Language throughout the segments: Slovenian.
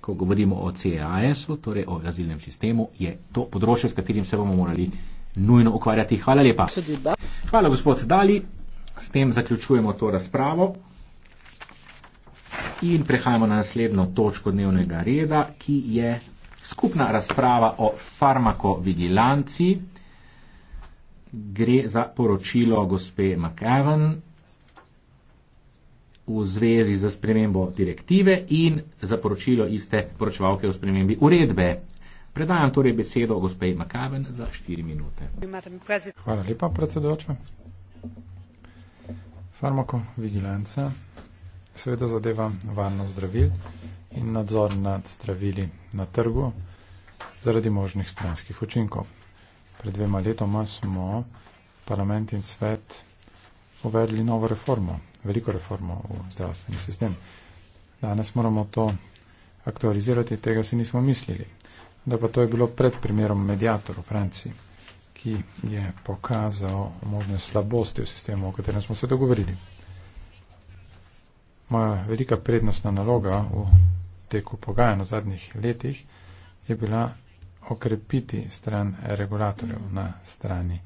ko govorimo o CAS-u, torej o azilnem sistemu, je to področje, s katerim se bomo morali nujno ukvarjati. Hvala lepa. Hvala, gospod Dali. S tem zaključujemo to razpravo. In prehajamo na naslednjo točko dnevnega reda, ki je skupna razprava o farmakovigilanci. Gre za poročilo gospe McEwan v zvezi z spremembo direktive in za poročilo iste poročevalke o spremembi uredbe. Predajam torej besedo gospej Makaven za 4 minute. Hvala lepa, predsedoča. Farmakovigilance seveda zadeva varnost zdravil in nadzor nad zdravili na trgu zaradi možnih stranskih učinkov. Pred dvema letoma smo parlament in svet uvedli novo reformo veliko reformo v zdravstveni sistem. Danes moramo to aktualizirati, tega si nismo mislili. Da pa to je bilo pred primerom medijator v Franciji, ki je pokazal možne slabosti v sistemu, o katerem smo se dogovorili. Moja velika prednostna naloga v teku pogajanj v zadnjih letih je bila okrepiti stran regulatorjev na strani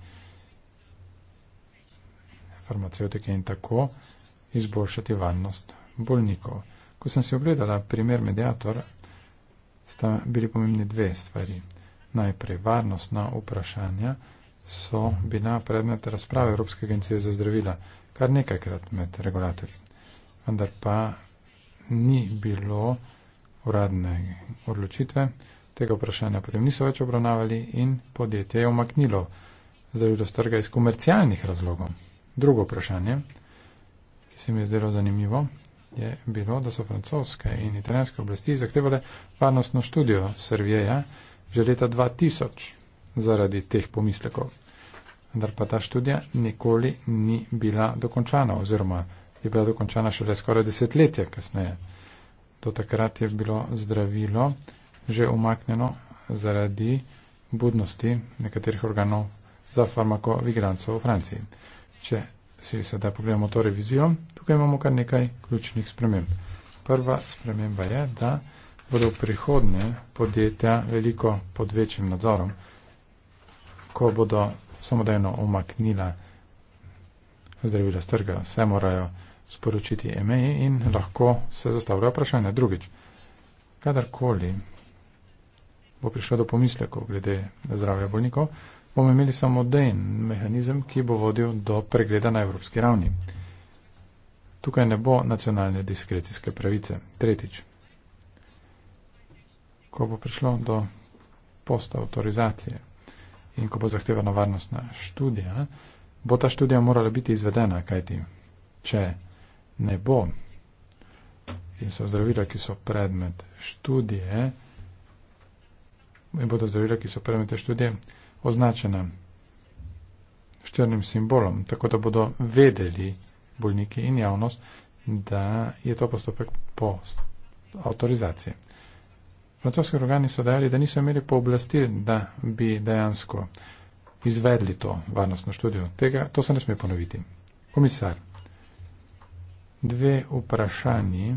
farmaceutike in tako izboljšati varnost bolnikov. Ko sem si ogledala primer mediator, sta bili pomembni dve stvari. Najprej varnostna vprašanja so bila predmet razprave Evropske agencije za zdravila kar nekajkrat med regulatorji. Vendar pa ni bilo uradne odločitve, tega vprašanja potem niso več obravnavali in podjetje je omaknilo zdravilo strga iz komercialnih razlogov. Drugo vprašanje ki se mi je zdelo zanimivo, je bilo, da so francoske in italijanske oblasti zahtevale varnostno študijo Servijeja že leta 2000 zaradi teh pomislekov. Vendar pa ta študija nikoli ni bila dokončana oziroma je bila dokončana šele skoraj desetletje kasneje. Do takrat je bilo zdravilo že umaknjeno zaradi budnosti nekaterih organov za farmakovigilanco v Franciji. Če si sedaj pogledamo to revizijo, tukaj imamo kar nekaj ključnih sprememb. Prva sprememba je, da bodo prihodne podjetja veliko pod večjim nadzorom, ko bodo samodejno omaknila zdravila z trga, vse morajo sporočiti EMEI in lahko se zastavljajo vprašanja. Drugič, kadarkoli bo prišlo do pomislekov glede zdravja bolnikov, bomo imeli samodejen mehanizem, ki bo vodil do pregleda na evropski ravni. Tukaj ne bo nacionalne diskrecijske pravice. Tretjič, ko bo prišlo do posta autorizacije in ko bo zahtevana varnostna študija, bo ta študija morala biti izvedena, kajti če ne bo in so zdravila, ki so predmet študije, in bodo zdravila, ki so predmet študije, označena s črnim simbolom, tako da bodo vedeli bolniki in javnost, da je to postopek po avtorizaciji. Francoski organi so dejali, da niso imeli pooblastil, da bi dejansko izvedli to varnostno študijo. Tega, to se ne sme ponoviti. Komisar, dve vprašanji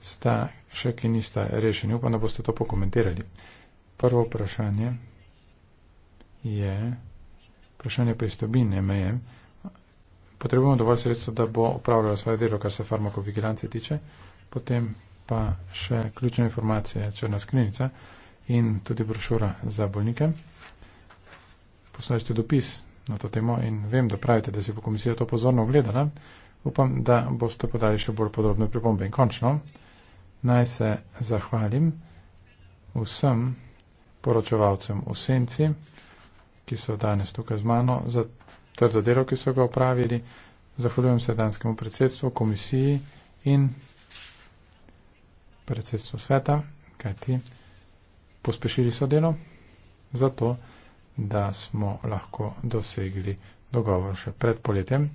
sta še, ki nista rešeni. Upam, da boste to pokomentirali. Prvo vprašanje je vprašanje pristobine meje. Potrebujemo dovolj sredstva, da bo opravljala svoje delo, kar se farmakovigilance tiče, potem pa še ključne informacije, črna skrinica in tudi brošura za bolnike. Poslali ste dopis na to temo in vem, da pravite, da si bo komisija to pozorno ogledala. Upam, da boste podali še bolj podrobne pripombe. In končno, naj se zahvalim vsem poročevalcem v senci ki so danes tukaj z mano, za trdo delo, ki so ga opravili. Zahvaljujem se danskemu predsedstvu, komisiji in predsedstvu sveta, kajti pospešili so delo zato, da smo lahko dosegli dogovor še pred poletjem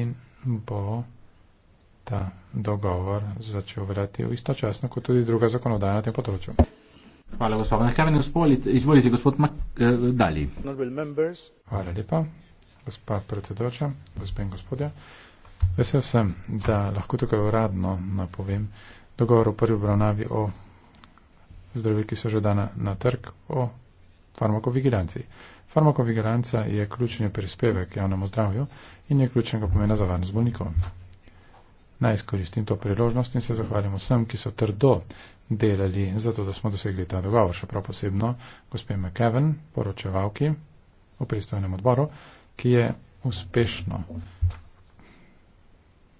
in bo ta dogovor začel veljati istočasno kot tudi druga zakonodaja na tem področju. Hvala, gospod Hrvnik. Izvolite, gospod Mak eh, Dali. Hvala lepa, gospa predsedoča, gospe in gospodje. Vesel sem, da lahko tukaj uradno napovem dogovor o prvi obravnavi o zdravil, ki so že dana na trg, o farmakovigilanci. Farmakovigilanca je ključni prispevek javnemu zdravju in je ključnega pomena za varnost bolnikov. Naj izkoristim to priložnost in se zahvalim vsem, ki so trdo delali, zato da smo dosegli ta dogovor, še prav posebno gospe McKeven, poročevalki v pristojnem odboru, ki je uspešno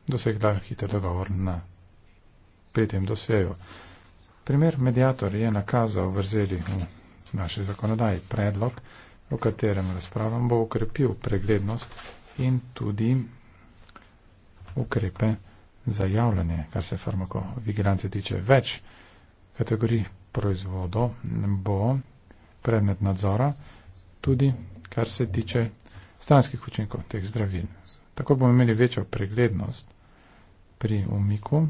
dosegla hiter dogovor na, pri tem dosveju. Primer medijator je nakazal vrzeli v naši zakonodaji predlog, o katerem razpravam bo ukrepil preglednost in tudi ukrepe za javljanje, kar se farmakovigilance tiče več kategorij proizvodov bo predmet nadzora tudi, kar se tiče stranskih učinkov teh zdravil. Tako bomo imeli večjo preglednost pri umiku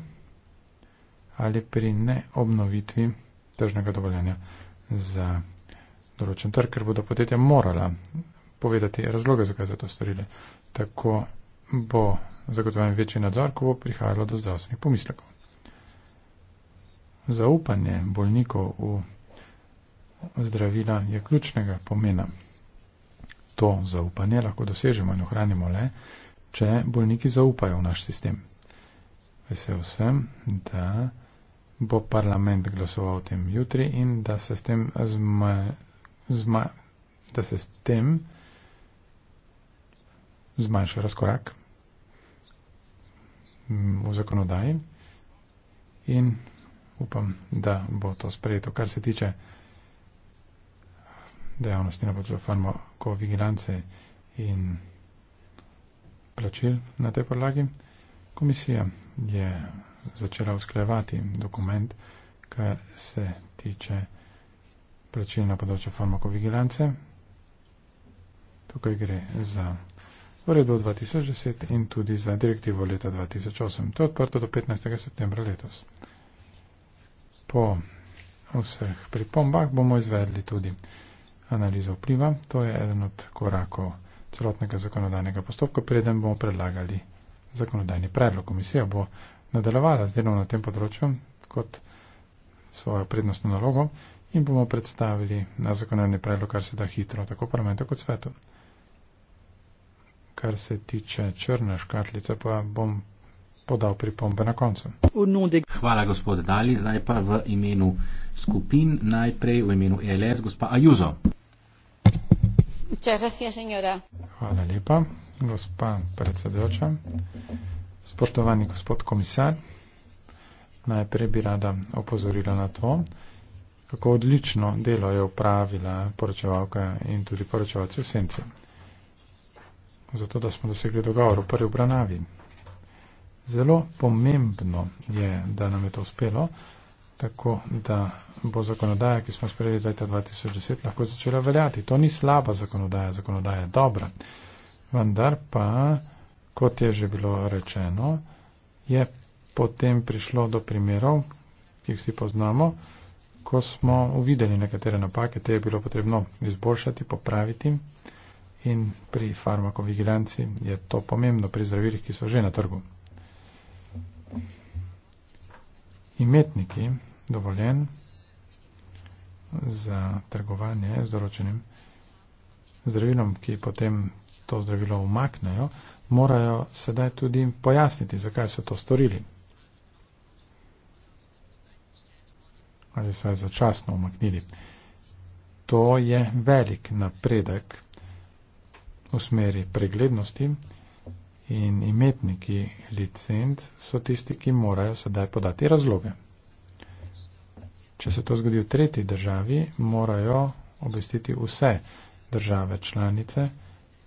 ali pri neobnovitvi tržnega dovoljenja za določen trg, ker bodo podjetja morala povedati razloge, zakaj so to storile. Tako bo zagotovljen večji nadzor, ko bo prihajalo do zdravstvenih pomislekov zaupanje bolnikov v zdravila je ključnega pomena. To zaupanje lahko dosežemo in ohranimo le, če bolniki zaupajo v naš sistem. Vesel sem, da bo parlament glasoval o tem jutri in da se s tem, zma, zma, da se s tem zmanjša razkorak v zakonodaji in upam, da bo to sprejeto. Kar se tiče dejavnosti na področju farmakovigilance in plačil na tej podlagi, komisija je začela usklejevati dokument, kar se tiče plačil na področju farmakovigilance. Tukaj gre za uredbo 2010 in tudi za direktivo leta 2008. To je odprto do 15. septembra letos po vseh pripombah bomo izvedli tudi analizo vpliva. To je eden od korakov celotnega zakonodajnega postopka, preden bomo predlagali zakonodajni predlog. Komisija bo nadaljevala z delom na tem področju kot svojo prednostno nalogo in bomo predstavili na zakonodajni predlog, kar se da hitro, tako parlamentu kot svetu. Kar se tiče črne škatlice, pa bom podal pripombe na koncu. Hvala, gospod Dali. Zdaj pa v imenu skupin, najprej v imenu ELS, gospa Ajuzo. Hvala lepa, gospa predsedujoča. Spoštovani gospod komisar, najprej bi rada opozorila na to, kako odlično delo je upravila poročevalka in tudi poročevalci v senci. Zato, da smo dosegli dogovor v prvi obravnavi. Zelo pomembno je, da nam je to uspelo, tako da bo zakonodaja, ki smo sprejeli leta 2010, lahko začela veljati. To ni slaba zakonodaja, zakonodaja je dobra. Vendar pa, kot je že bilo rečeno, je potem prišlo do primerov, ki jih vsi poznamo, ko smo uvideli nekatere napake, te je bilo potrebno izboljšati, popraviti. In pri farmakovigilanci je to pomembno, pri zdravilih, ki so že na trgu imetniki dovoljen za trgovanje z določenim zdravilom, ki potem to zdravilo umaknejo, morajo sedaj tudi pojasniti, zakaj so to storili. Ali so je začasno umaknili. To je velik napredek v smeri preglednosti, In imetniki licenc so tisti, ki morajo sedaj podati razloge. Če se to zgodi v tretji državi, morajo obvestiti vse države članice,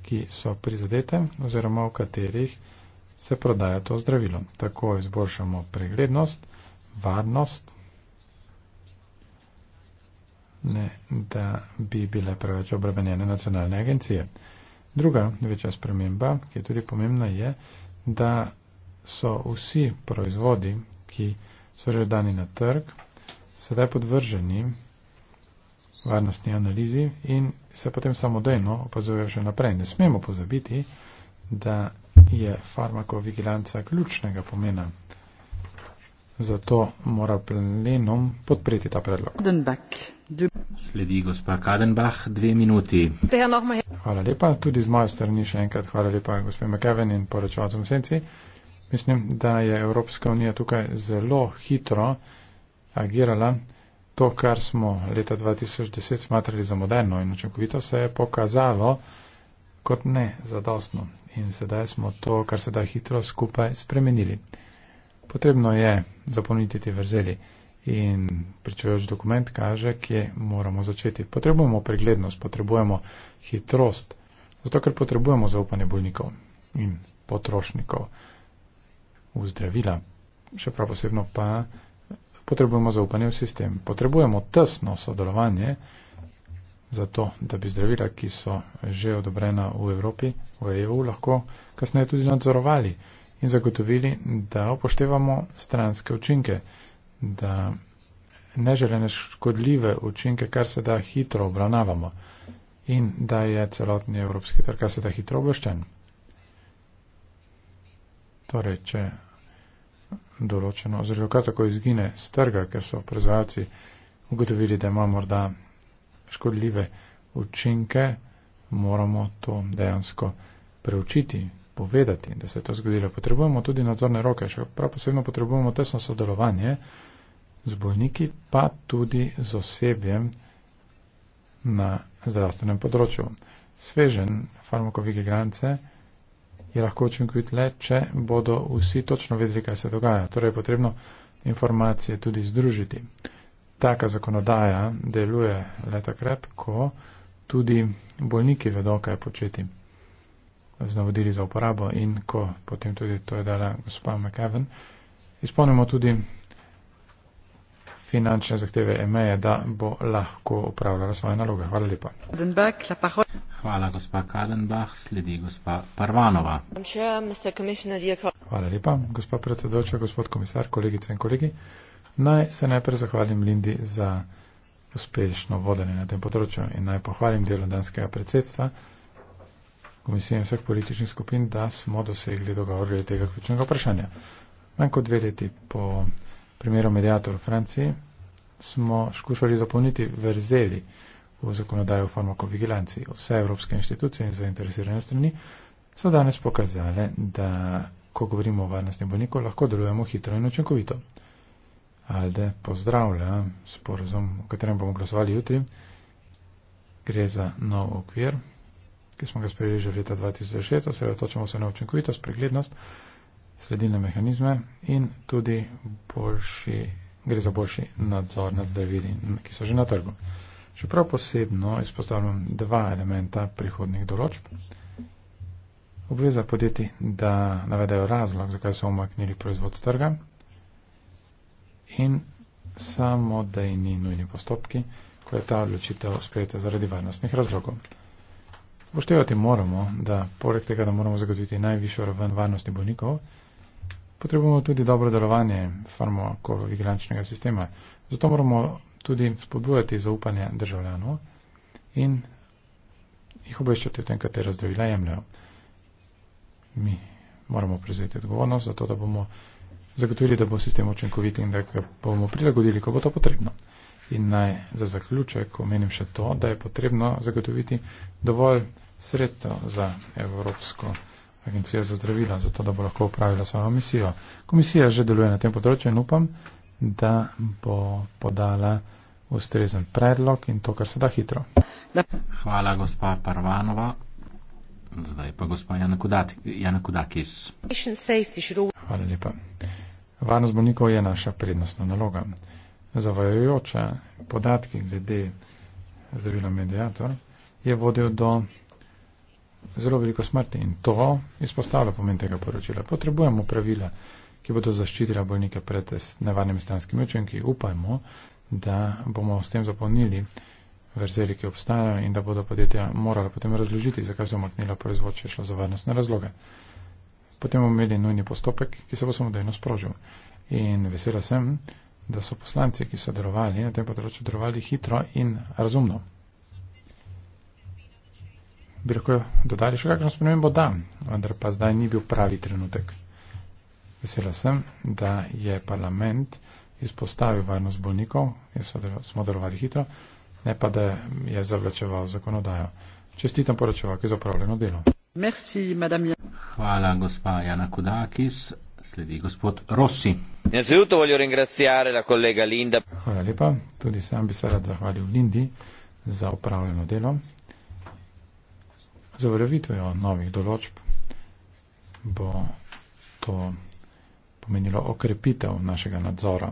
ki so prizadete oziroma v katerih se prodaja to zdravilo. Tako izboljšamo preglednost, varnost, ne da bi bile preveč obremenjene nacionalne agencije. Druga večja sprememba, ki je tudi pomembna, je, da so vsi proizvodi, ki so že dani na trg, sedaj podvrženi varnostni analizi in se potem samodejno opazujejo še naprej. Ne smemo pozabiti, da je farmakovigilanca ključnega pomena. Zato mora plenum podpreti ta predlog. Sledi gospa Kadenbach, dve minuti. Hvala lepa. Tudi z moje strani še enkrat hvala lepa gospod McKeven in poročevalcem senci. Mislim, da je Evropska unija tukaj zelo hitro agirala. To, kar smo leta 2010 smatrali za moderno in učinkovito, se je pokazalo kot ne zadostno. In sedaj smo to, kar se da hitro, skupaj spremenili. Potrebno je zapolniti te vrzeli in pričujoč dokument kaže, kje moramo začeti. Potrebujemo preglednost, potrebujemo hitrost. Zato, ker potrebujemo zaupanje bolnikov in potrošnikov v zdravila, še prav posebno pa potrebujemo zaupanje v sistem. Potrebujemo tesno sodelovanje zato, da bi zdravila, ki so že odobrena v Evropi, v EU, lahko kasneje tudi nadzorovali in zagotovili, da upoštevamo stranske učinke, da neželene škodljive učinke kar se da hitro obravnavamo in da je celotni evropski trg, kaj se da hitro obveščen. Torej, če določeno, oziroma kaj tako izgine z trga, ker so proizvajalci ugotovili, da ima morda škodljive učinke, moramo to dejansko preučiti, povedati, da se je to zgodilo. Potrebujemo tudi nadzorne roke, še prav posebno potrebujemo tesno sodelovanje z bolniki, pa tudi z osebjem, na zdravstvenem področju. Svežen farmakovigilance je lahko učinkovit le, če bodo vsi točno vedeli, kaj se dogaja. Torej je potrebno informacije tudi združiti. Taka zakonodaja deluje le takrat, ko tudi bolniki vedo, kaj početi z navodili za uporabo in ko potem tudi to je dala gospa McEwen, izpolnimo tudi finančne zahteve EMEA, da bo lahko upravljala svoje naloge. Hvala lepa. Hvala, gospa Kadenbach. Sledi gospa Parvanova. Hvala lepa, gospa predsedoča, gospod komisar, kolegice in kolegi. Naj se najprej zahvalim Lindi za uspešno vodenje na tem področju in naj pohvalim delo danskega predsedstva, komisije in vseh političnih skupin, da smo dosegli dogovor glede tega ključnega vprašanja. Manj kot dve leti po primeru mediator v Franciji, smo skušali zapolniti vrzeli v zakonodajo o farmakovigilanci. Vse evropske inštitucije in zainteresirane strani so danes pokazale, da ko govorimo o varnosti bolnikov, lahko delujemo hitro in učinkovito. Alde pozdravlja sporozum, o katerem bomo glasovali jutri. Gre za nov okvir, ki smo ga sprejeli že leta 2006, osredotočamo se na učinkovitost, preglednost sredine mehanizme in tudi boljši, gre za boljši nadzor nad zdravili, ki so že na trgu. Čeprav posebno izpostavljam dva elementa prihodnih določb. Obveza podjetij, da navedajo razlog, zakaj so omaknili proizvod z trga in samo dejni nujni postopki, ko je ta odločitev sprejeta zaradi varnostnih razlogov. Poštevati moramo, da poleg tega, da moramo zagotoviti najvišjo raven varnosti bolnikov, potrebujemo tudi dobro delovanje farmakovigilančnega sistema. Zato moramo tudi spodbujati zaupanje državljanov in jih obveščati o tem, katera zdravila jemljajo. Mi moramo prevzeti odgovornost za to, da bomo zagotovili, da bo sistem učinkovit in da ga bomo prilagodili, ko bo to potrebno. In naj za zaključek omenim še to, da je potrebno zagotoviti dovolj sredstev za evropsko. Agencijo za zdravila, zato da bo lahko upravila svojo misijo. Komisija že deluje na tem področju in upam, da bo podala ustrezen predlog in to, kar se da hitro. Hvala, gospa Parvanova. Zdaj pa gospa Jana Kudakis. Hvala lepa. Varnost bolnikov je naša prednostna naloga. Zavajajoče podatki glede zdravila mediator je vodil do zelo veliko smrti in to izpostavlja pomen tega poročila. Potrebujemo pravila, ki bodo zaščitila bolnike pred nevarnimi stranskimi učenki. Upajmo, da bomo s tem zapolnili verzeli, ki obstajajo in da bodo podjetja morala potem razložiti, zakaj so omotnila proizvod, če šlo za varnostne razloge. Potem bomo imeli nujni postopek, ki se bo samodejno sprožil. In vesela sem, da so poslanci, ki so delovali na tem področju, delovali hitro in razumno bi lahko dodali še kakšno spremembo, da, vendar pa zdaj ni bil pravi trenutek. Vesela sem, da je parlament izpostavil varnost bolnikov, smo delovali hitro, ne pa da je zavlačeval zakonodajo. Čestitam poročevalki za upravljeno delo. Merci, Hvala, gospa Jana Kudakis. Sledi gospod Rossi. Hvala lepa. Tudi sam bi se rad zahvalil Lindi za upravljeno delo. Z uveljavitvijo novih določb bo to pomenilo okrepitev našega nadzora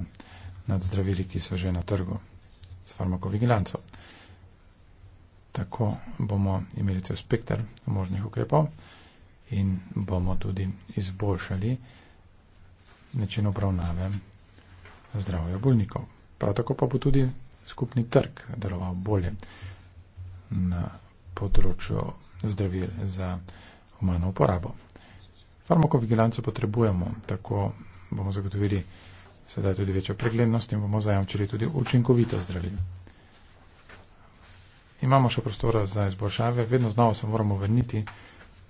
nad zdravili, ki so že na trgu s farmakovigilanco. Tako bomo imeli cel spektr možnih ukrepov in bomo tudi izboljšali način obravnave zdravja bolnikov. Prav tako pa bo tudi skupni trg deloval bolje na področju zdravil za humano uporabo. Farmakovigilanco potrebujemo, tako bomo zagotovili sedaj tudi večjo preglednost in bomo zajamčili tudi učinkovito zdravil. Imamo še prostora za izboljšave, vedno znova se moramo vrniti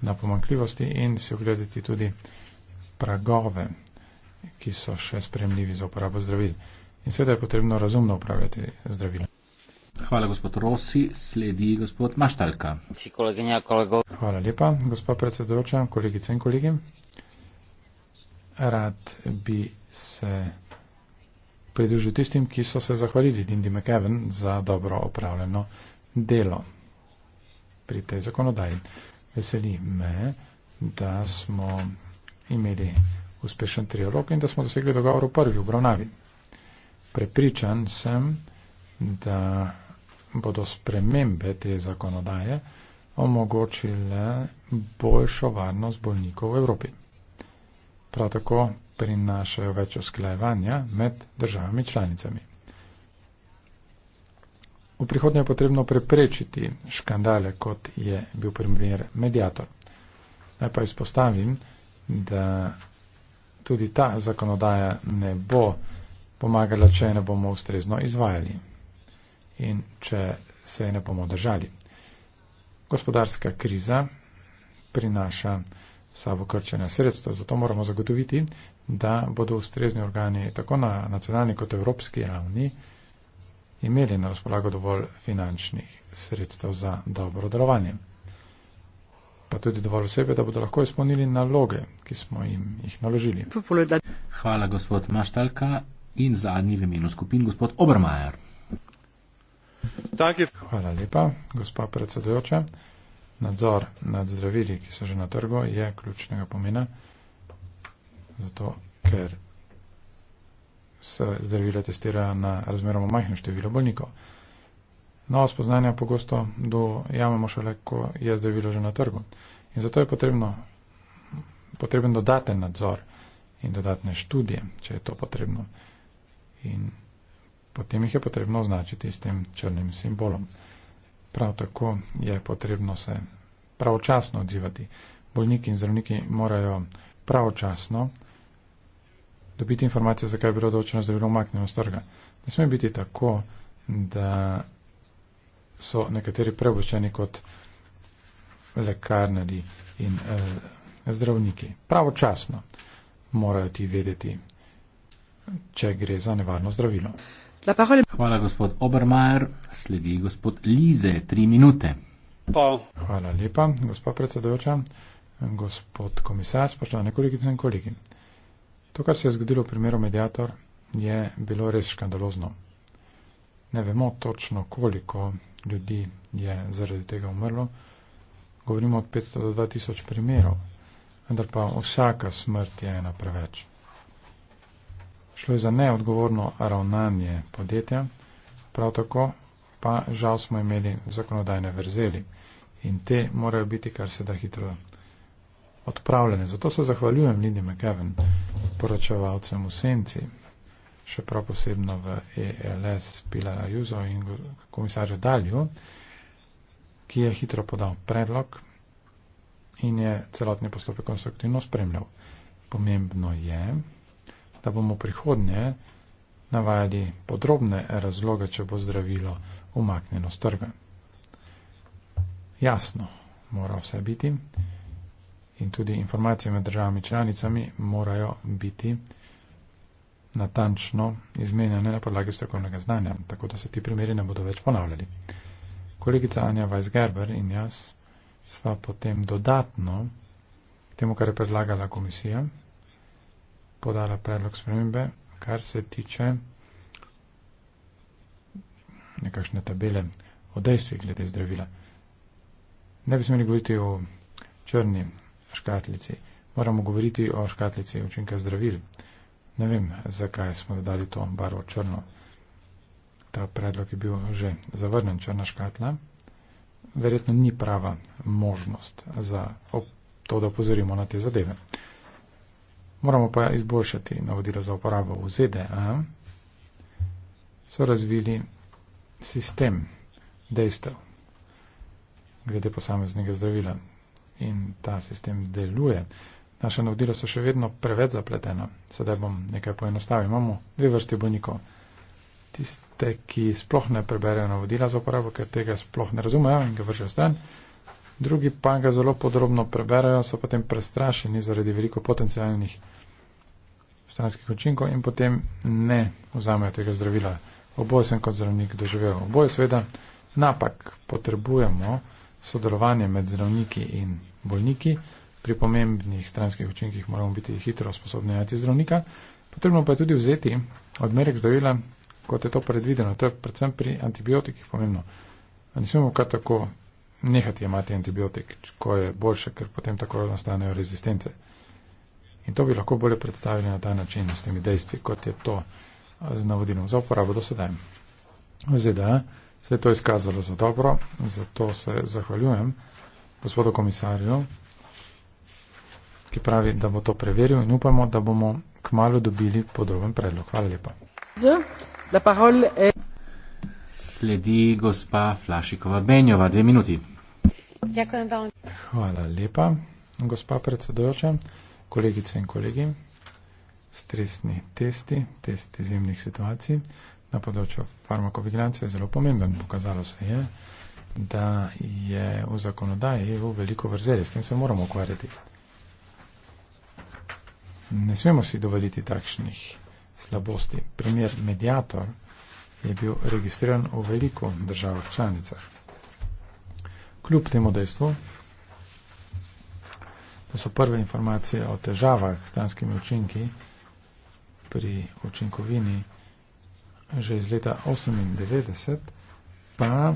na pomankljivosti in si ogledati tudi pragove, ki so še spremljivi za uporabo zdravil. In seveda je potrebno razumno upravljati zdravila. Hvala, gospod Rosi. Sledi gospod Maštalka. Si koleginja, kolego. Hvala lepa, gospod predsedujoča, kolegice in kolegi. Rad bi se pridružil tistim, ki so se zahvalili Lindy McEwen za dobro opravljeno delo pri tej zakonodaji. Veseli me, da smo imeli uspešen trialog in da smo dosegli dogovor v prvi obravnavi. Prepričan sem, da bodo spremembe te zakonodaje omogočile boljšo varnost bolnikov v Evropi. Prav tako prinašajo več usklajevanja med državami članicami. V prihodnje je potrebno preprečiti škandale, kot je bil primer medijator. Naj pa izpostavim, da tudi ta zakonodaja ne bo pomagala, če ne bomo ustrezno izvajali in če se ne bomo držali. Gospodarska kriza prinaša sabo krčenja sredstva, zato moramo zagotoviti, da bodo ustrezni organi tako na nacionalni kot evropski ravni imeli na razpolago dovolj finančnih sredstev za dobro delovanje. Pa tudi dovolj osebe, da bodo lahko izpolnili naloge, ki smo jim jih naložili. Hvala, gospod Maštalka. In zadnji v imenu skupin, gospod Obermajer. Hvala lepa, gospa predsedujoča. Nadzor nad zdravili, ki so že na trgu, je ključnega pomena, zato ker se zdravila testirajo na razmeroma majhnem številu bolnikov. Novo spoznanje pogosto dojamemo šele, ko je zdravilo že na trgu. In zato je potrebno, potreben dodaten nadzor in dodatne študije, če je to potrebno. In potem jih je potrebno označiti s tem črnim simbolom. Prav tako je potrebno se pravočasno odzivati. Bolniki in zdravniki morajo pravočasno dobiti informacije, zakaj je bilo določeno zdravilo umaknjeno z trga. Ne sme biti tako, da so nekateri preobočeni kot lekarnari in eh, zdravniki. Pravočasno morajo ti vedeti, če gre za nevarno zdravilo. La parole. Hvala, gospod Obermajer. Sledi gospod Lize, tri minute. Pa. Hvala lepa, gospod predsedujoča, gospod komisar, spoštovane kolegice in kolegi. To, kar se je zgodilo v primeru Mediator, je bilo res škandalozno. Ne vemo točno, koliko ljudi je zaradi tega umrlo. Govorimo od 500 do 2000 primerov, vendar pa vsaka smrt je ena preveč. Šlo je za neodgovorno ravnanje podjetja, prav tako pa žal smo imeli zakonodajne vrzeli in te morajo biti kar se da hitro odpravljene. Zato se zahvaljujem Lindy McKevin, poročevalcem v senci, še prav posebno v ELS Pilara Juzo in komisarju Dalju, ki je hitro podal predlog in je celotni postopek konstruktivno spremljal. Pomembno je, da bomo prihodnje navajali podrobne razloge, če bo zdravilo umaknjeno z trga. Jasno, mora vse biti in tudi informacije med državami članicami morajo biti natančno izmenjene na podlagi strokovnega znanja, tako da se ti primeri ne bodo več ponavljali. Kolegica Anja Weisgerber in jaz sva potem dodatno k temu, kar je predlagala komisija, podala predlog spremembe, kar se tiče nekakšne tabele o dejstvih glede zdravila. Ne bi smeli govoriti o črni škatlici. Moramo govoriti o škatlici učinka zdravil. Ne vem, zakaj smo dodali to barvo črno. Ta predlog je bil že zavrnen. Črna škatla verjetno ni prava možnost za to, da opozorimo na te zadeve. Moramo pa izboljšati navodila za uporabo v ZDA. So razvili sistem dejstev glede posameznega zdravila in ta sistem deluje. Naše navodila so še vedno preveč zapletena. Sedaj bom nekaj poenostavil. Imamo dve vrsti bolnikov. Tiste, ki sploh ne preberejo navodila za uporabo, ker tega sploh ne razumejo in ga vršijo stran drugi pa ga zelo podrobno preberajo, so potem prestrašeni zaradi veliko potencijalnih stranskih učinkov in potem ne vzamejo tega zdravila. Oboje sem kot zdravnik doživel. Oboje seveda napak potrebujemo sodelovanje med zdravniki in bolniki. Pri pomembnih stranskih učinkih moramo biti hitro sposobni najti zdravnika. Potrebno pa je tudi vzeti odmerek zdravila, kot je to predvideno. To je predvsem pri antibiotikih pomembno. Ne smemo kar tako nehati imati antibiotik, ko je boljše, ker potem tako nastanejo rezistence. In to bi lahko bolje predstavili na ta način, s temi dejstvi, kot je to z navodilom za uporabo do sedaj. V ZDA se je to izkazalo za dobro, zato se zahvaljujem gospodu komisarju, ki pravi, da bo to preveril in upamo, da bomo k malu dobili podroben predlog. Hvala lepa. La parole est sledi gospa Flašikova Benjova. Dve minuti. Hvala lepa, gospa predsedojoča, kolegice in kolegi. Stresni testi, testi zimnih situacij na področju farmakovigilance je zelo pomemben. Pokazalo se je, da je v zakonodaji EU veliko vrzeli, s tem se moramo ukvarjati. Ne smemo si dovoliti takšnih slabosti. Primer mediator je bil registriran v veliko državah članicah. Kljub temu dejstvu, da so prve informacije o težavah s stranskimi učinki pri učinkovini že iz leta 1998, pa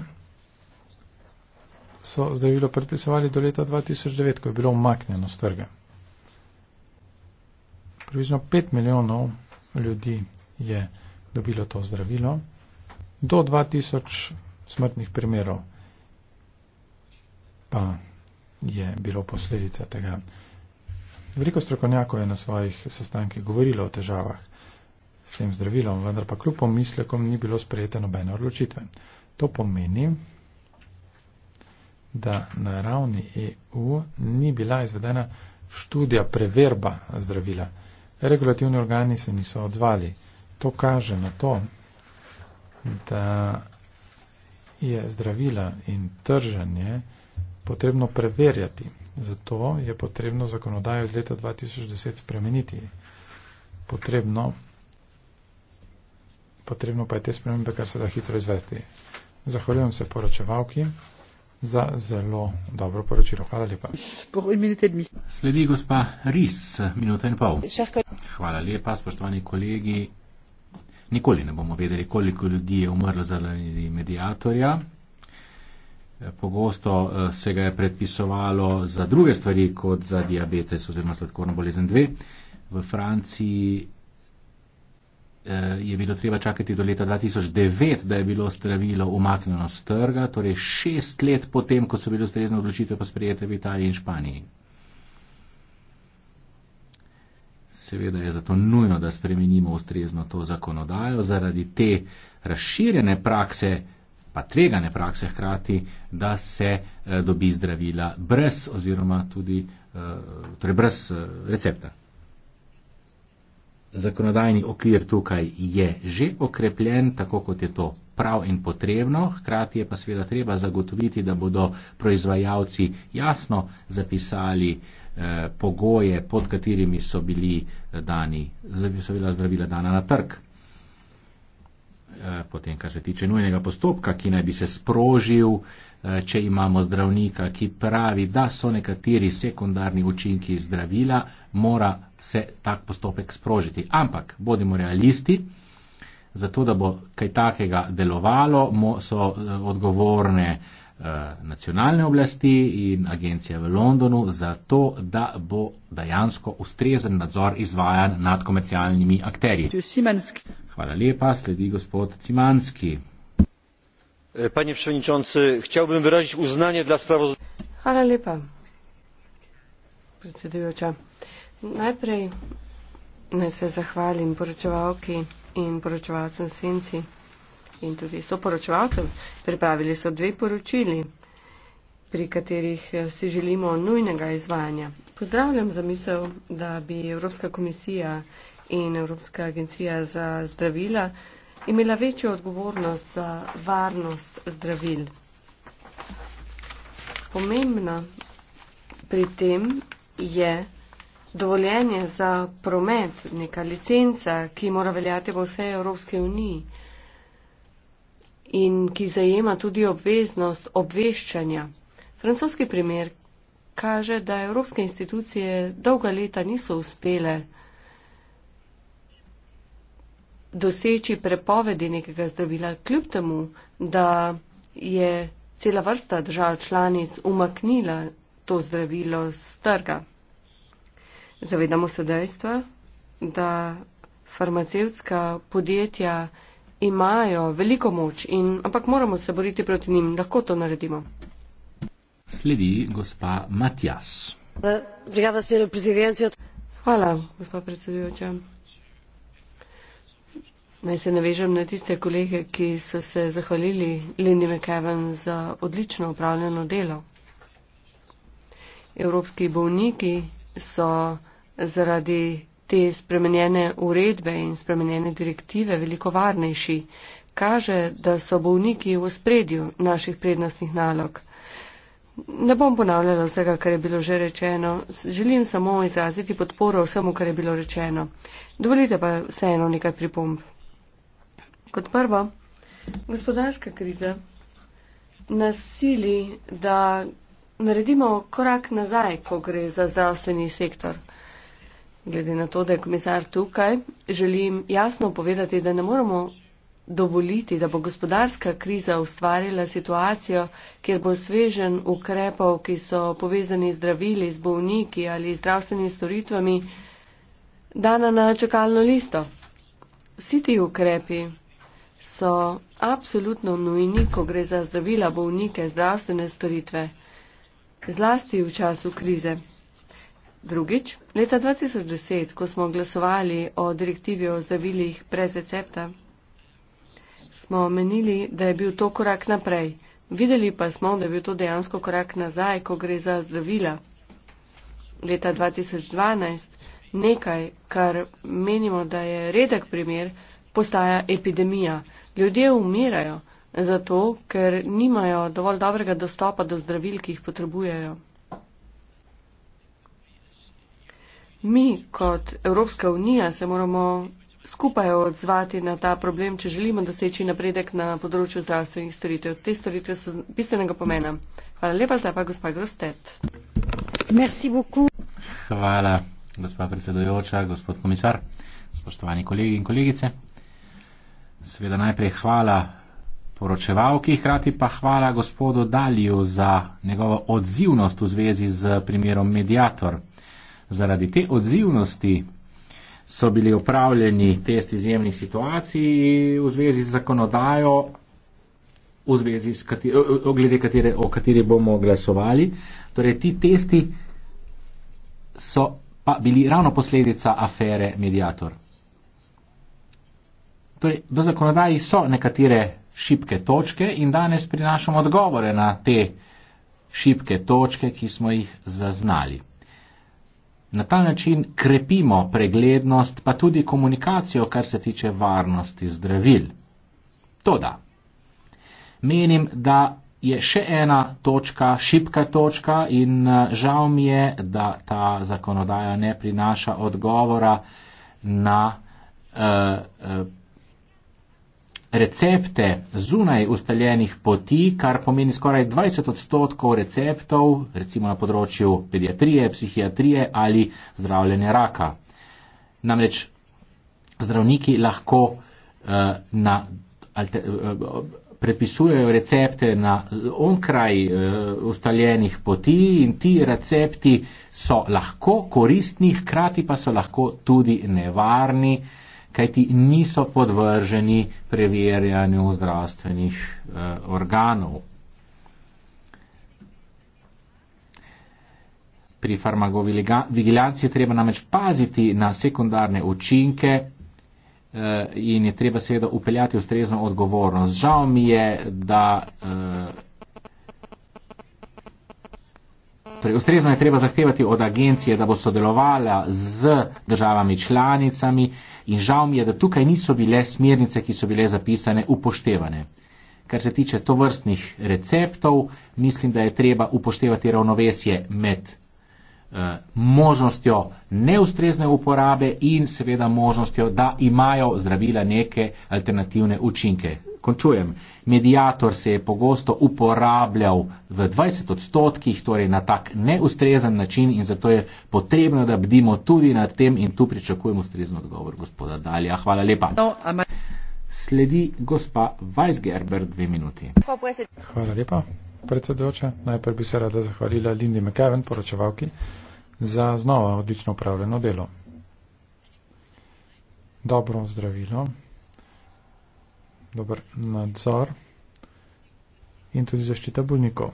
so zdravilo predpisovali do leta 2009, ko je bilo umaknjeno z trga. Približno 5 milijonov ljudi je dobilo to zdravilo do 2000 smrtnih primerov pa je bilo posledica tega. Veliko strokovnjakov je na svojih sestankih govorilo o težavah s tem zdravilom, vendar pa kljub pomislekom ni bilo sprejete nobene odločitve. To pomeni, da na ravni EU ni bila izvedena študija preverba zdravila. Regulativni organi se niso odzvali. To kaže na to, da je zdravila in trženje potrebno preverjati. Zato je potrebno zakonodajo iz leta 2010 spremeniti. Potrebno, potrebno pa je te spremembe, kar se da hitro izvesti. Zahvaljujem se poročevalki za zelo dobro poročilo. Hvala lepa. Sledi gospa Ris, minuta in pol. Hvala lepa, spoštovani kolegi. Nikoli ne bomo vedeli, koliko ljudi je umrlo zaradi medijatorja. Eh, pogosto eh, se ga je predpisovalo za druge stvari, kot za diabetes oziroma sladkorno bolezen 2. V Franciji eh, je bilo treba čakati do leta 2009, da je bilo stravilo umaknjeno z trga, torej šest let potem, ko so bile ustrezne odločitve pa sprejete v Italiji in Španiji. Seveda je zato nujno, da spremenimo ustrezno to zakonodajo zaradi te razširjene prakse, pa tvegane prakse hkrati, da se eh, dobi zdravila brez oziroma tudi eh, torej brez eh, recepta. Zakonodajni okvir tukaj je že okrepljen, tako kot je to prav in potrebno, hkrati je pa seveda treba zagotoviti, da bodo proizvajalci jasno zapisali, Eh, pogoje, pod katerimi so bili eh, dani, so bila zdravila dana na trg. Eh, potem, kar se tiče nujnega postopka, ki naj bi se sprožil, če imamo zdravnika, ki pravi, da so nekateri sekundarni učinki zdravila, mora se tak postopek sprožiti. Ampak, bodimo realisti, zato da bo kaj takega delovalo, so odgovorne Eh, nacionalne oblasti in agencije v Londonu za to, da bo dejansko ustrezen nadzor izvajan nad komercialnimi akterji. Hvala lepa, sledi gospod Cimanski. E, panie Przewodniczący, chciałbym wyrazić uznanie dla sprawozdania. lepa, predsedujoča. Najprej naj se zahvalim poročevalki in poročevalcem Senci in tudi soporočevalcem pripravili so dve poročili, pri katerih eh, si želimo nujnega izvajanja. Pozdravljam zamisel, da bi Evropska komisija in Evropska agencija za zdravila imela večjo odgovornost za varnost zdravil. Pomembna pri tem je dovoljenje za promet, neka licenca, ki mora veljati v vsej Evropske uniji in ki zajema tudi obveznost obveščanja. Francoski primer kaže, da evropske institucije dolga leta niso uspele doseči prepovedi nekega zdravila, kljub temu, da je cela vrsta držav članic umaknila to zdravilo z trga. Zavedamo se dejstva, da farmacevtska podjetja imajo veliko moč, in, ampak moramo se boriti proti njim, lahko to naredimo. Sledi gospa Matjas. Hvala, gospa predsedujoča. Naj se navežem na tiste kolege, ki so se zahvalili Lindy McEwen za odlično upravljeno delo. Evropski bolniki so zaradi te spremenjene uredbe in spremenjene direktive veliko varnejši, kaže, da so bolniki v spredju naših prednostnih nalog. Ne bom ponavljala vsega, kar je bilo že rečeno, želim samo izraziti podporo vsemu, kar je bilo rečeno. Dovolite pa vseeno nekaj pripomb. Kot prvo, gospodarska kriza nas sili, da naredimo korak nazaj, ko gre za zdravstveni sektor. Glede na to, da je komisar tukaj, želim jasno povedati, da ne moramo dovoliti, da bo gospodarska kriza ustvarila situacijo, kjer bo svežen ukrepov, ki so povezani z zdravili, z bolniki ali zdravstvenimi storitvami, dana na čakalno listo. Vsi ti ukrepi so absolutno nujni, ko gre za zdravila, bolnike, zdravstvene storitve, zlasti v času krize. Drugič, leta 2010, ko smo glasovali o direktivi o zdravilih brez recepta, smo menili, da je bil to korak naprej. Videli pa smo, da je bil to dejansko korak nazaj, ko gre za zdravila. Leta 2012 nekaj, kar menimo, da je redek primer, postaja epidemija. Ljudje umirajo zato, ker nimajo dovolj dobrega dostopa do zdravil, ki jih potrebujejo. Mi kot Evropska unija se moramo skupaj odzvati na ta problem, če želimo doseči napredek na področju zdravstvenih storitev. Te storitve so bistvenega pomena. Hvala lepa, zdaj pa gospa Grostet. Hvala, gospa predsedojoča, gospod komisar, spoštovani kolegi in kolegice. Sveda najprej hvala poročevalki, hkrati pa hvala gospodu Dalju za njegovo odzivnost v zvezi z primerom Mediator zaradi te odzivnosti so bili opravljeni test izjemnih situacij v zvezi z zakonodajo, v zvezi s kateri, glede katere, o kateri bomo glasovali. Torej, ti testi so pa bili ravno posledica afere Mediator. Torej, v zakonodaji so nekatere šibke točke in danes prinašamo odgovore na te šibke točke, ki smo jih zaznali. Na ta način krepimo preglednost, pa tudi komunikacijo, kar se tiče varnosti zdravil. Toda, menim, da je še ena točka, šipka točka in eh, žal mi je, da ta zakonodaja ne prinaša odgovora na eh, eh recepte zunaj ustaljenih poti, kar pomeni skoraj 20 odstotkov receptov, recimo na področju pediatrije, psihiatrije ali zdravljenja raka. Namreč zdravniki lahko uh, na, alter, uh, predpisujejo recepte na onkraj uh, ustaljenih poti in ti recepti so lahko koristni, hkrati pa so lahko tudi nevarni. Uh, kajti niso podvrženi preverjanju zdravstvenih eh, organov. Pri farmakovigilanci je treba namreč paziti na sekundarne učinke eh, in je treba seveda upeljati ustrezno odgovornost. Žal mi je, da. Eh, Torej, ustrezno je treba zahtevati od agencije, da bo sodelovala z državami članicami in žal mi je, da tukaj niso bile smernice, ki so bile zapisane, upoštevane. Kar se tiče tovrstnih receptov, mislim, da je treba upoštevati ravnovesje med eh, možnostjo neustrezne uporabe in seveda možnostjo, da imajo zdravila neke alternativne učinke končujem. Medijator se je pogosto uporabljal v 20 odstotkih, torej na tak neustrezen način in zato je potrebno, da bdimo tudi nad tem in tu pričakujem ustrezen odgovor gospoda Dalija. Hvala lepa. No, Sledi gospa Weisgerber dve minuti. Hvala lepa, predsedujoča. Najprej bi se rada zahvalila Lindy McKeven, poročevalki, za znova odlično upravljeno delo. Dobro zdravilo dober nadzor in tudi zaščita bolnikov.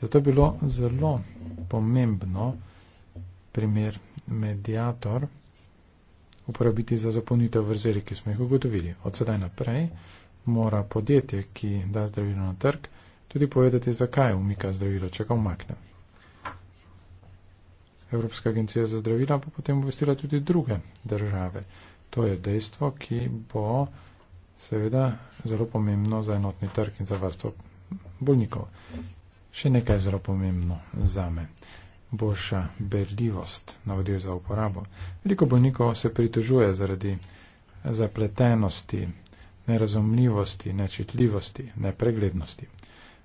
Zato je bilo zelo pomembno primer mediator uporabiti za zapolnitev vrzeli, ki smo jih ugotovili. Od sedaj naprej mora podjetje, ki da zdravilo na trg, tudi povedati, zakaj umika zdravilo, če ga umakne. Evropska agencija za zdravila pa potem obvestila tudi druge države. To je dejstvo, ki bo seveda zelo pomembno za enotni trg in za varstvo bolnikov. Še nekaj zelo pomembno za me. Boljša berljivost navodil za uporabo. Veliko bolnikov se pritožuje zaradi zapletenosti, nerazumljivosti, nečitljivosti, nepreglednosti.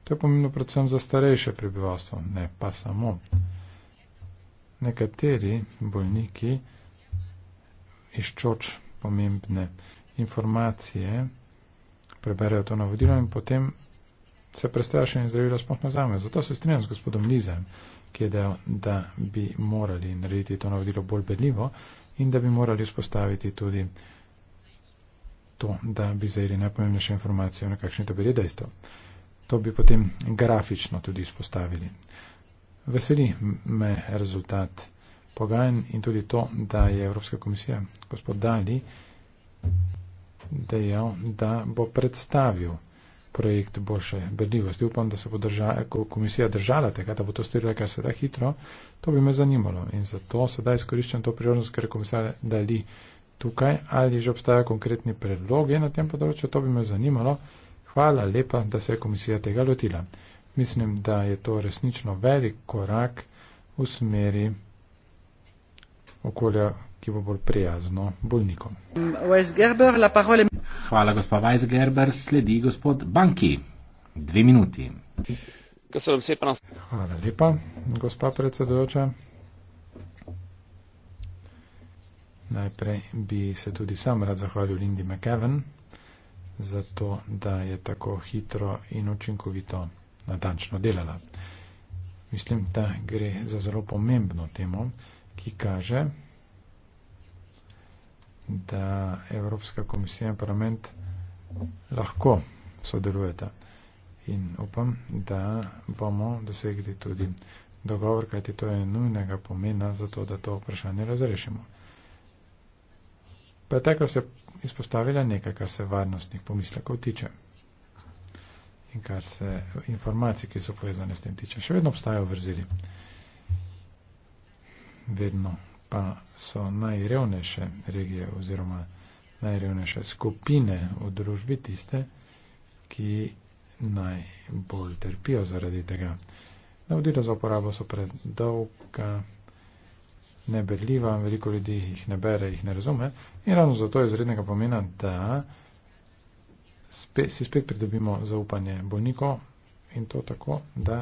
To je pomembno predvsem za starejše prebivalstvo, ne pa samo. Nekateri bolniki iščoč pomembne informacije, preberejo to navodilo in potem se prestrašijo in zdravilo sploh ne zamejo. Zato se strinjam s gospodom Lizem, ki je dejal, da bi morali narediti to navodilo bolj beljivo in da bi morali vzpostaviti tudi to, da bi zajeli najpomembnejše informacije o nekakšni dobri dejstvo. To bi potem grafično tudi izpostavili. Veseli me rezultat pogajanj in tudi to, da je Evropska komisija, gospod Dali, dejal, da bo predstavil projekt boljše berljivosti. Upam, da se bo držala, komisija držala tega, da bo to storila kar se da hitro. To bi me zanimalo in zato sedaj izkoriščam to priložnost, ker je komisar Dali tukaj, ali že obstaja konkretni predlog na tem področju, to bi me zanimalo. Hvala lepa, da se je komisija tega lotila. Mislim, da je to resnično velik korak v smeri okolja ki bo bolj prijazno bolnikom. Hvala, gospod Weisgerber. Sledi gospod Banki. Dve minuti. Hvala lepa, gospa predsedujoča. Najprej bi se tudi sam rad zahvalil Lindy McEwen za to, da je tako hitro in učinkovito natančno delala. Mislim, da gre za zelo pomembno temo, ki kaže, da Evropska komisija in parlament lahko sodelujeta. In upam, da bomo dosegli tudi dogovor, kajti to je nujnega pomena za to, da to vprašanje razrešimo. Preteklost je izpostavila nekaj, kar se varnostnih pomislekov tiče in kar se informacij, ki so povezane s tem tiče. Še vedno obstajajo vrzeli. Vedno pa so najrevnejše regije oziroma najrevnejše skupine v družbi tiste, ki najbolj trpijo zaradi tega. Navodila za uporabo so predolga, neberljiva, veliko ljudi jih ne bere, jih ne razume in ravno zato je zrednega pomena, da spet, si spet pridobimo zaupanje bolnikov in to tako, da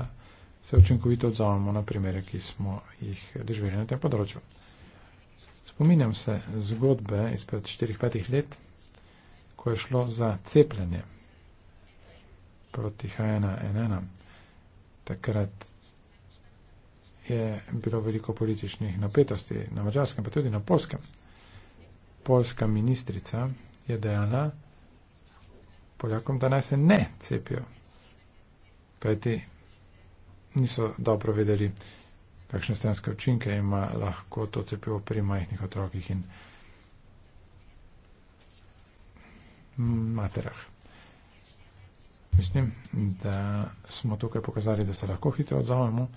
se učinkovito odzovemo na primere, ki smo jih doživeli na tem področju. Spominjam se zgodbe izpred 4-5 let, ko je šlo za cepljenje proti HNN. Takrat je bilo veliko političnih napetosti na mačarskem, pa tudi na polskem. Polska ministrica je dejala Poljakom, da naj se ne cepijo, kajti niso dobro vedeli, kakšne stranske učinke ima lahko to cepivo pri majhnih otrokih in materah. Mislim, da smo tukaj pokazali, da se lahko hitro odzovemo.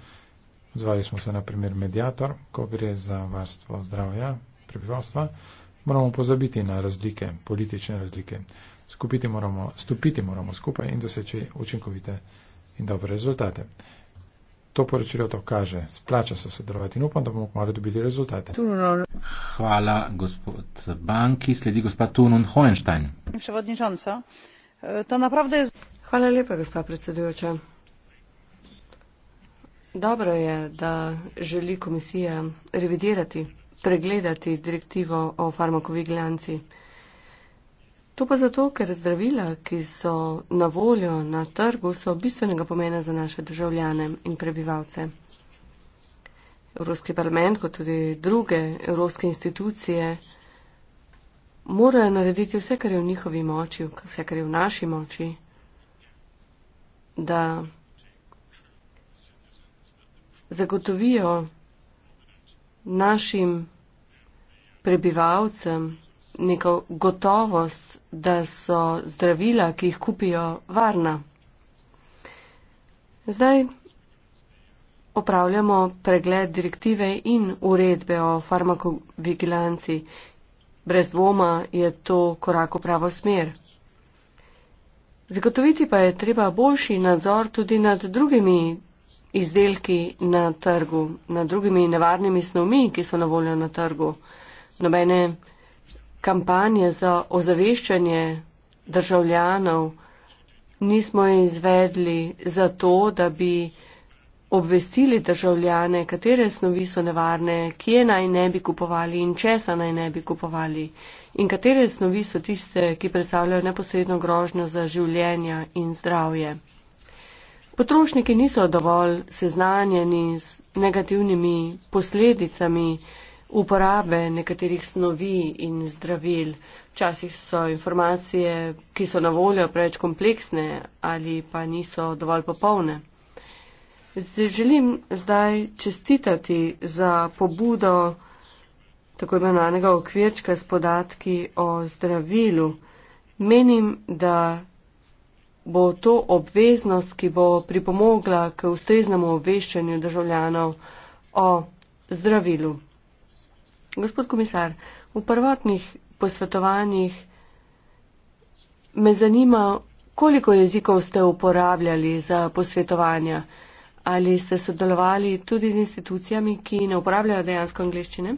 Odzvali smo se na primer medijator, ko gre za varstvo zdravja prebivalstva. Moramo pozabiti na razlike, politične razlike. Moramo, stupiti moramo skupaj in doseči učinkovite in dobre rezultate to poročilo to kaže. Splača se sodelovati in upam, da bomo kmalo dobili rezultate. Hvala, gospod Banki. Sledi gospod Tunun Hohenstein. Hvala lepa, gospod predsedujoča. Dobro je, da želi komisija revidirati, pregledati direktivo o farmakovi glanci. To pa zato, ker zdravila, ki so na voljo na trgu, so bistvenega pomena za naše državljane in prebivalce. Evropski parlament, kot tudi druge evropske institucije, morajo narediti vse, kar je v njihovi moči, vse, kar je v naši moči, da zagotovijo našim prebivalcem neko gotovost, da so zdravila, ki jih kupijo, varna. Zdaj opravljamo pregled direktive in uredbe o farmakovigilanci. Brez dvoma je to korak v pravo smer. Zagotoviti pa je treba boljši nadzor tudi nad drugimi izdelki na trgu, nad drugimi nevarnimi snovmi, ki so na voljo na trgu. Nobene kampanje za ozaveščanje državljanov nismo izvedli zato, da bi obvestili državljane, katere snovi so nevarne, kje naj ne bi kupovali in česa naj ne bi kupovali in katere snovi so tiste, ki predstavljajo neposredno grožnjo za življenja in zdravje. Potrošniki niso dovolj seznanjeni z negativnimi posledicami, uporabe nekaterih snovi in zdravil. Včasih so informacije, ki so na voljo, preveč kompleksne ali pa niso dovolj popolne. Želim zdaj čestitati za pobudo tako imenovanega okvirčka s podatki o zdravilu. Menim, da bo to obveznost, ki bo pripomogla k ustreznemu obveščanju državljanov o zdravilu. Gospod komisar, v prvotnih posvetovanjih me zanima, koliko jezikov ste uporabljali za posvetovanja. Ali ste sodelovali tudi z institucijami, ki ne uporabljajo dejansko angliščine?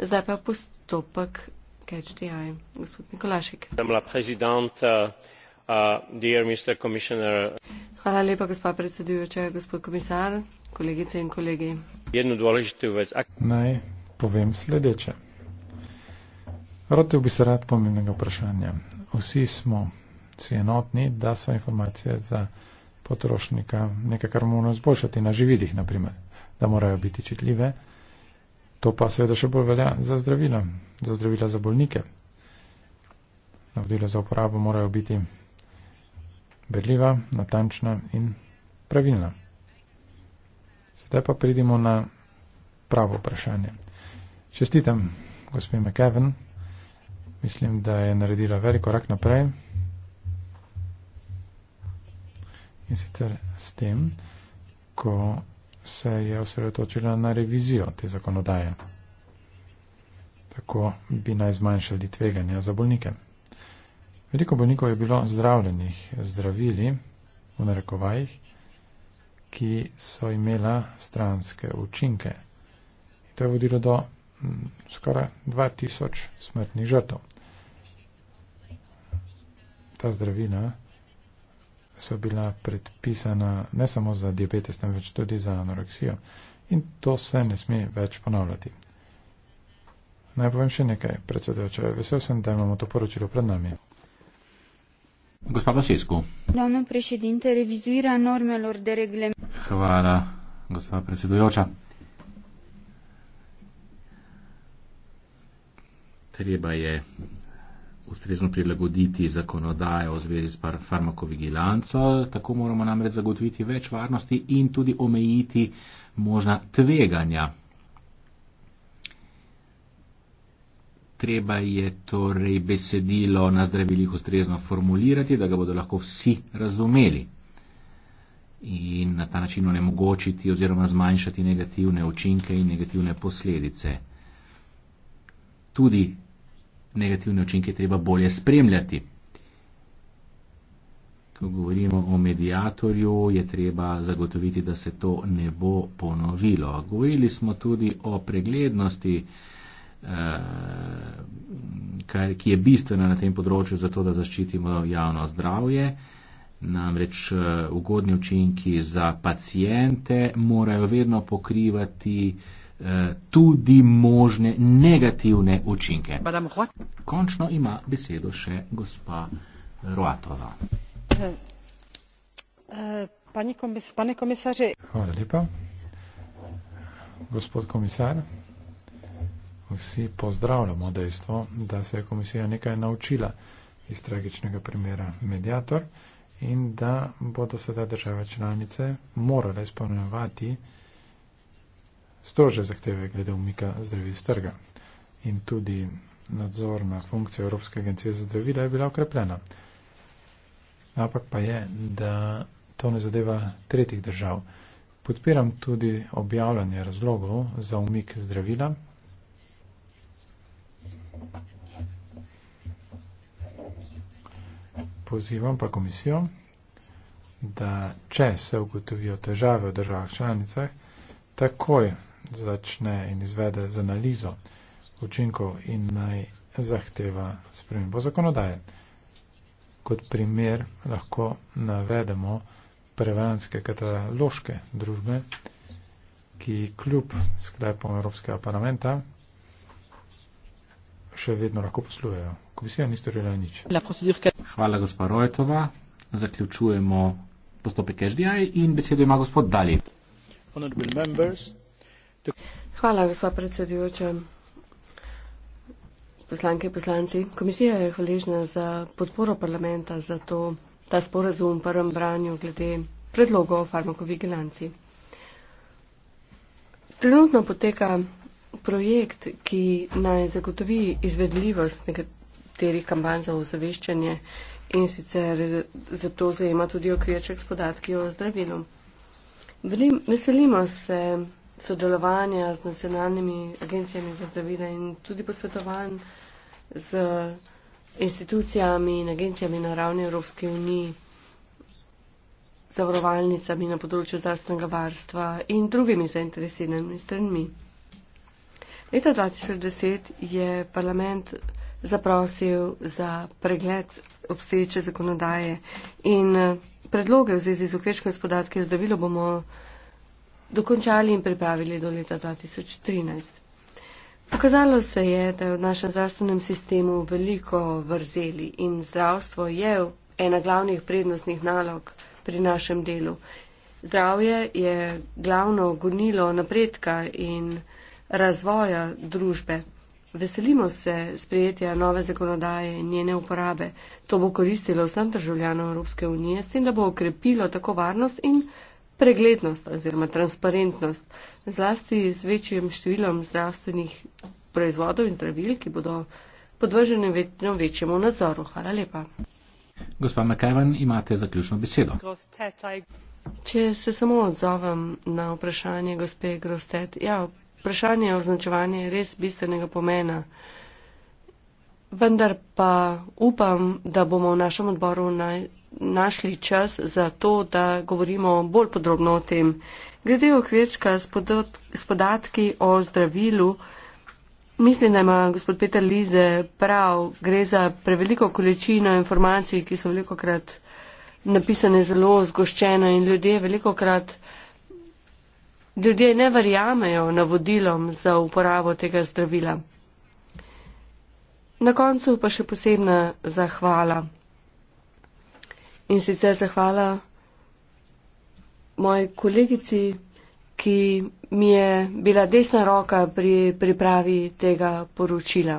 Zdaj pa postopek KHDI. Gospod Nikolašek. Uh, uh, Hvala lepa, gospod predsedujoča, gospod komisar, kolegice in kolegi. Naj povem sledeče. Rotev bi se rad pomembnega vprašanja. Vsi smo si enotni, da so informacije za potrošnika nekaj, kar moramo izboljšati na živilih, naprimer, da morajo biti čitljive. To pa seveda še bolj velja za zdravila, za zdravila za bolnike. Navodila za uporabo morajo biti berljiva, natančna in pravilna. Sedaj pa pridimo na pravo vprašanje. Čestitam, gospod McKevin. Mislim, da je naredila velik korak naprej. In sicer s tem, ko se je osredotočila na revizijo te zakonodaje. Tako bi naj zmanjšali tveganja za bolnike. Veliko bolnikov je bilo zdravljenih zdravili v narekovajih, ki so imela stranske učinke. In to je vodilo do skoraj 2000 smrtnih žrtev. Ta zdravila so bila predpisana ne samo za diabetes, temveč tudi za anoreksijo. In to se ne sme več ponavljati. Naj povem še nekaj, predsedujoče. Vesel sem, da imamo to poročilo pred nami. Gospod Vasilsko. Glavno prešedinte revizuira norme lorde regle. Hvala, gospod predsedujoča. treba je ustrezno prilagoditi zakonodajo v zvezi s farmakovigilanco, tako moramo namreč zagotoviti več varnosti in tudi omejiti možna tveganja. Treba je torej besedilo na zdravilih ustrezno formulirati, da ga bodo lahko vsi razumeli in na ta način onemogočiti oziroma zmanjšati negativne učinke in negativne posledice. Tudi negativne učinke treba bolje spremljati. Ko govorimo o medijatorju, je treba zagotoviti, da se to ne bo ponovilo. Govorili smo tudi o preglednosti, eh, ki je bistvena na tem področju, zato da zaščitimo javno zdravje. Namreč eh, ugodni učinki za pacijente morajo vedno pokrivati uh, Eh, tudi možne negativne učinke. Končno ima besedo še gospa Roatova. Eh, eh, pane komisarji. Hvala lepa. Gospod komisar, vsi pozdravljamo dejstvo, da se je komisija nekaj naučila iz tragičnega primera Mediator in da bodo sedaj države članice morale izpolnjevati strože zahteve glede umika zdravil z trga. In tudi nadzorna funkcija Evropske agencije za zdravila je bila okrepljena. Napak pa je, da to ne zadeva tretjih držav. Podpiram tudi objavljanje razlogov za umik zdravila. Pozivam pa komisijo, da če se ugotovijo težave v državah članicah, takoj začne in izvede z analizo učinkov in naj zahteva spremembo zakonodaje. Kot primer lahko navedemo prevenske kataloške družbe, ki kljub sklepom Evropskega parlamenta še vedno lahko poslujejo. Komisija ni storila nič. Hvala, gospa Rojtova. Zaključujemo postopek HDI in besedo ima gospod Dali. Honorable members. Hvala, gospod predsedujoča. Poslanke, poslanci. Komisija je hvaležna za podporo parlamenta za to, ta sporazum v prvem branju glede predlogov o farmakovigilanci. Trenutno poteka projekt, ki naj zagotovi izvedljivost nekaterih kampanj za ozaveščanje in sicer zato zajema tudi okvirček s podatki o zdravilu. Veselimo se sodelovanja z nacionalnimi agencijami za zdravila in tudi posvetovanj z institucijami in agencijami na ravni Evropske unije, zavarovalnicami na področju zdravstvenega varstva in drugimi zainteresiranimi stranmi. Leta 2010 je parlament zaprosil za pregled obstoječe zakonodaje in predloge v zvezi z ukrečkom s podatki o zdravilu bomo dokončali in pripravili do leta 2013. Pokazalo se je, da je v našem zdravstvenem sistemu veliko vrzeli in zdravstvo je ena glavnih prednostnih nalog pri našem delu. Zdravje je glavno gonilo napredka in razvoja družbe. Veselimo se sprejetja nove zakonodaje in njene uporabe. To bo koristilo vsem državljanom Evropske unije, s tem, da bo okrepilo tako varnost in preglednost oziroma transparentnost, zlasti z večjim številom zdravstvenih proizvodov in zdravil, ki bodo podvrženi vedno večjemu nadzoru. Hvala lepa. Gospa Mekajvan, imate zaključno besedo. Če se samo odzovem na vprašanje gospe Grostet, ja, vprašanje o označevanju je res bistvenega pomena. Vendar pa upam, da bomo v našem odboru naj, našli čas za to, da govorimo bolj podrobno o tem. Glede okvirčka s podatki o zdravilu, mislim, da ima gospod Peter Lize prav, gre za preveliko količino informacij, ki so veliko krat napisane zelo zgoščeno in ljudje veliko krat ljudje ne verjamejo navodilom za uporabo tega zdravila. Na koncu pa še posebna zahvala. In sicer zahvala moji kolegici, ki mi je bila desna roka pri pripravi tega poročila.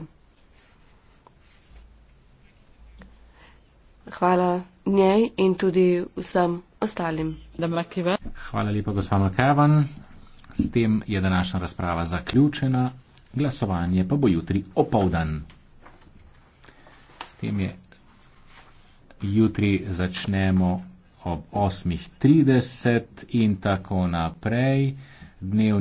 Hvala njej in tudi vsem ostalim. Hvala lepa, gospod Makavan. S tem je današnja razprava zaključena. Glasovanje pa bo jutri opoldan. S tem je jutri začnemo ob 8.30 in tako naprej. Dnevni